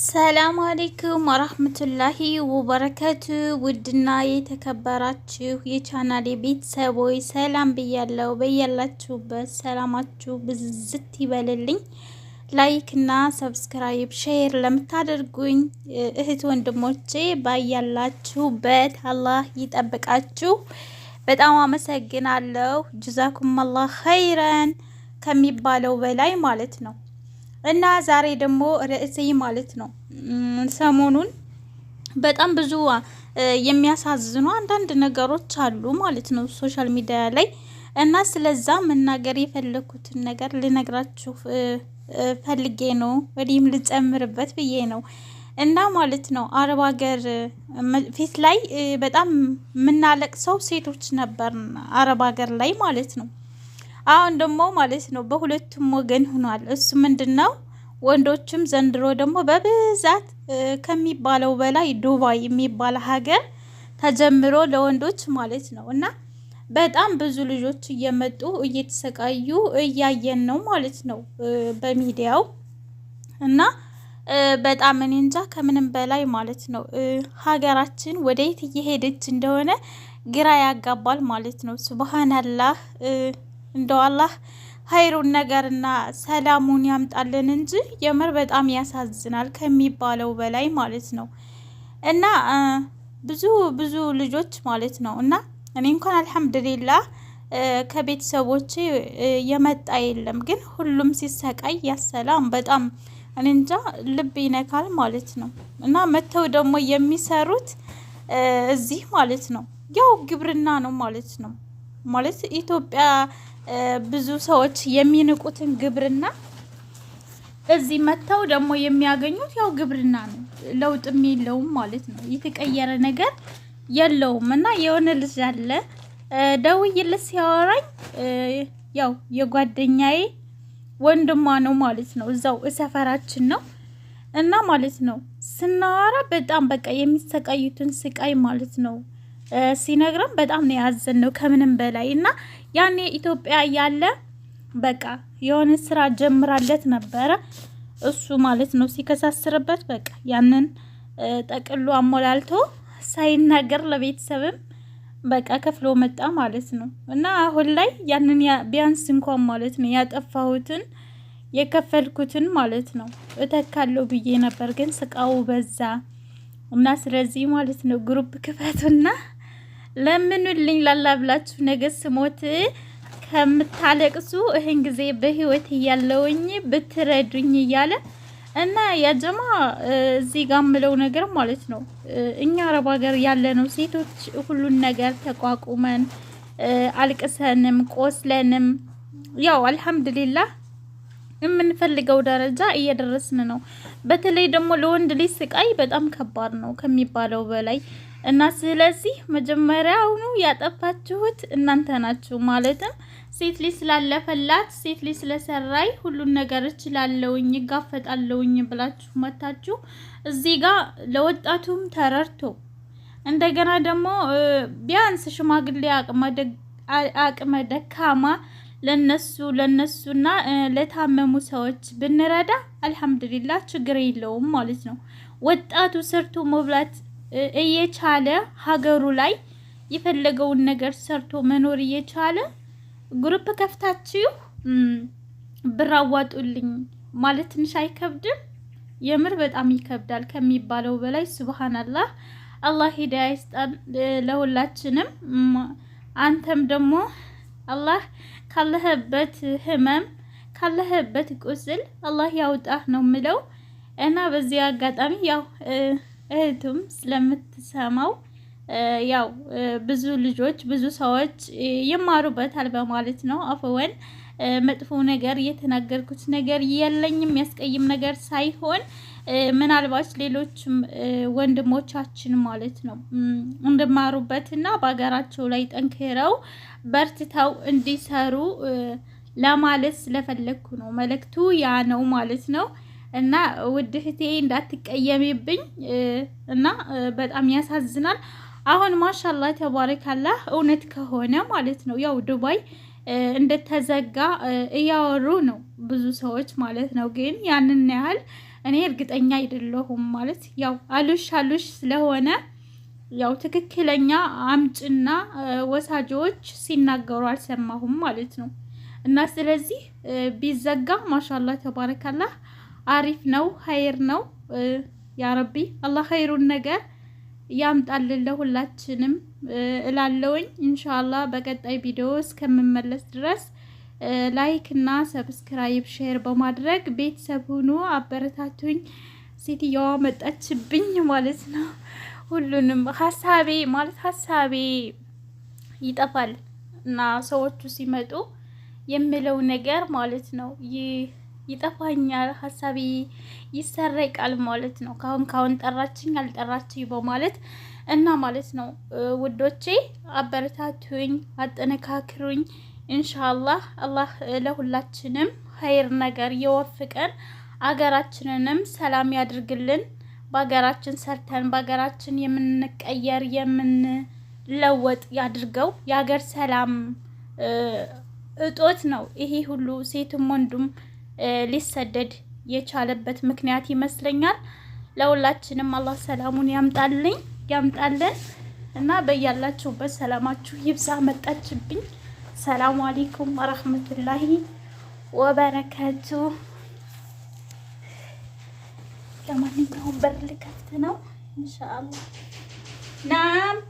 ሰላም አሌይኩም ወራህመቱላሂ ወበረከቱ። ውድና የተከበራችሁ የቻናሌ ቤተሰቦች ሰላም ብያለው። በያላችሁበት ሰላማችሁ ብዝት ይበልልኝ። ላይክና ሰብስክራይብ፣ ሼር ለምታደርጉኝ እህት ወንድሞቼ ባያላችሁበት አላህ ይጠብቃችሁ። በጣም አመሰግናለሁ። ጅዛኩም አላህ ኸይረን ከሚባለው በላይ ማለት ነው። እና ዛሬ ደግሞ ርዕሴ ማለት ነው ሰሞኑን በጣም ብዙ የሚያሳዝኑ አንዳንድ ነገሮች አሉ ማለት ነው ሶሻል ሚዲያ ላይ እና ስለዛ መናገር የፈለኩትን ነገር ልነግራችሁ ፈልጌ ነው። ወዲህም ልጨምርበት ብዬ ነው እና ማለት ነው አረብ ሀገር ፊት ላይ በጣም የምናለቅሰው ሴቶች ነበር፣ አረብ ሀገር ላይ ማለት ነው አሁን ደግሞ ማለት ነው በሁለቱም ወገን ሆኗል። እሱ ምንድን ነው ወንዶችም ዘንድሮ ደግሞ በብዛት ከሚባለው በላይ ዱባይ የሚባል ሀገር ተጀምሮ ለወንዶች ማለት ነው እና በጣም ብዙ ልጆች እየመጡ እየተሰቃዩ እያየን ነው ማለት ነው በሚዲያው እና በጣም እኔ እንጃ ከምንም በላይ ማለት ነው ሀገራችን ወደየት እየሄደች እንደሆነ ግራ ያጋባል ማለት ነው። ሱብሃነላህ እንደው አላህ ሀይሩን ነገርና ሰላሙን ያምጣልን እንጂ የምር በጣም ያሳዝናል ከሚባለው በላይ ማለት ነው። እና ብዙ ብዙ ልጆች ማለት ነው እና እኔ እንኳን አልሐምድሊላህ ከቤተሰቦቼ የመጣ የለም፣ ግን ሁሉም ሲሰቃይ ያሰላም በጣም እንጃ ልብ ይነካል ማለት ነው። እና መተው ደግሞ የሚሰሩት እዚህ ማለት ነው ያው ግብርና ነው ማለት ነው። ማለት ኢትዮጵያ ብዙ ሰዎች የሚንቁትን ግብርና እዚህ መጥተው ደግሞ የሚያገኙት ያው ግብርና ነው። ለውጥም የለውም ማለት ነው። የተቀየረ ነገር የለውም። እና የሆነ ልጅ አለ ደውዬለት ሲያወራኝ ያው የጓደኛዬ ወንድሟ ነው ማለት ነው። እዛው ሰፈራችን ነው እና ማለት ነው ስናወራ በጣም በቃ የሚሰቃዩትን ስቃይ ማለት ነው ሲነግረን በጣም ነው ያዘን ነው ከምንም በላይ እና ያኔ ኢትዮጵያ እያለ በቃ የሆነ ስራ ጀምራለት ነበረ እሱ ማለት ነው ሲከሳስርበት በቃ ያንን ጠቅሎ አሞላልቶ ሳይናገር ለቤተሰብም በቃ ከፍሎ መጣ ማለት ነው። እና አሁን ላይ ያንን ቢያንስ እንኳን ማለት ነው ያጠፋሁትን የከፈልኩትን ማለት ነው እተካለው ብዬ ነበር፣ ግን ስቃው በዛ እና ስለዚህ ማለት ነው ግሩፕ ክፈቱና ለምኑልኝ ላላ ብላችሁ ነገ ስሞት ከምታለቅሱ ይህን ጊዜ በህይወት እያለውኝ ብትረዱኝ እያለ እና ያጀማ እዚህ ጋር የምለው ነገር ማለት ነው እኛ አረብ ሀገር ነው ሴቶች ሁሉን ነገር ተቋቁመን አልቅሰንም ቆስለንም ያው አልሐምድሊላህ የምንፈልገው ደረጃ እየደረስን ነው። በተለይ ደግሞ ለወንድ ልጅ ስቃይ በጣም ከባድ ነው ከሚባለው በላይ እና ስለዚህ መጀመሪያውኑ ያጠፋችሁት እናንተ ናችሁ። ማለትም ሴት ልጅ ስላለፈላት ሴት ልጅ ስለሰራይ ሁሉን ነገር እችላለውኝ ይጋፈጣለሁኝ ብላችሁ መታችሁ። እዚህ ጋር ለወጣቱም ተረድቶ እንደገና ደግሞ ቢያንስ ሽማግሌ አቅመ ደካማ ለነሱ ለነሱና ለታመሙ ሰዎች ብንረዳ አልሐምዱሊላህ ችግር የለውም ማለት ነው። ወጣቱ ሰርቶ መብላት እየቻለ ሀገሩ ላይ የፈለገውን ነገር ሰርቶ መኖር እየቻለ ግሩፕ ከፍታችሁ ብር አዋጡልኝ ማለት ትንሽ አይከብድም? የምር በጣም ይከብዳል ከሚባለው በላይ ሱብሃናላህ። አላህ ሂዳያ ይስጣል ለሁላችንም። አንተም ደግሞ አላህ ካለህበት ህመም ካለህበት ቁስል አላህ ያውጣህ ነው ምለው እና በዚህ አጋጣሚ ያው እህቱም ስለምትሰማው ያው ብዙ ልጆች ብዙ ሰዎች ይማሩበታል በማለት ነው። አፈወን መጥፎ ነገር የተናገርኩት ነገር የለኝም ያስቀይም ነገር ሳይሆን ምናልባት ሌሎች ወንድሞቻችን ማለት ነው እንድማሩበትና በሀገራቸው ላይ ጠንክረው በርትተው እንዲሰሩ ለማለት ስለፈለግኩ ነው። መልእክቱ ያ ነው ማለት ነው። እና ውድ እህቴ እና በጣም ያሳዝናል። አሁን ማሻላ ተባረካላህ እውነት ከሆነ ማለት ነው ያው ዱባይ እንደተዘጋ እያወሩ ነው ብዙ ሰዎች ማለት ነው። ግን ያንን ያህል እኔ እርግጠኛ አይደለሁም ማለት ያው አሉሽ አሉሽ ስለሆነ ያው ትክክለኛ አምጭና ወሳጆች ሲናገሩ አልሰማሁም ማለት ነው። እና ስለዚህ ቢዘጋ ማሻላ ተባረካላህ አሪፍ ነው፣ ሀይር ነው። ያረቢ አላህ ሀይሩን ነገር ያምጣልን ለሁላችንም እላለውኝ። እንሻላ በቀጣይ ቪዲዮ እስከምመለስ ድረስ ላይክ እና ሰብስክራይብ ሼር በማድረግ ቤተሰብ ሁኑ። አበረታቱኝ። ሴትዮዋ መጣችብኝ ማለት ነው። ሁሉንም ሀሳቤ ማለት ሀሳቤ ይጠፋል እና ሰዎቹ ሲመጡ የምለው ነገር ማለት ነው። ይጠፋኛል፣ ሀሳቢ ይሰረቃል ማለት ነው። ካሁን ካሁን ጠራችኝ አልጠራችኝ በማለት እና ማለት ነው ውዶቼ፣ አበረታቱኝ፣ አጠነካክሩኝ። ኢንሻአላህ አላህ ለሁላችንም ኸይር ነገር የወፍቀን፣ አገራችንንም ሰላም ያድርግልን። በሀገራችን ሰርተን በሀገራችን የምንቀየር የምንለወጥ ያድርገው። የሀገር ሰላም እጦት ነው ይሄ ሁሉ ሴትም ወንዱም ሊሰደድ የቻለበት ምክንያት ይመስለኛል። ለሁላችንም አላህ ሰላሙን ያምጣልኝ ያምጣልን እና በያላችሁበት ሰላማችሁ ይብዛ። መጣችብኝ። ሰላሙ አሌይኩም ወረህመቱላሂ ወበረከቱ። ለማንኛውም በር ልከፍት ነው። እንሻአላህ ናም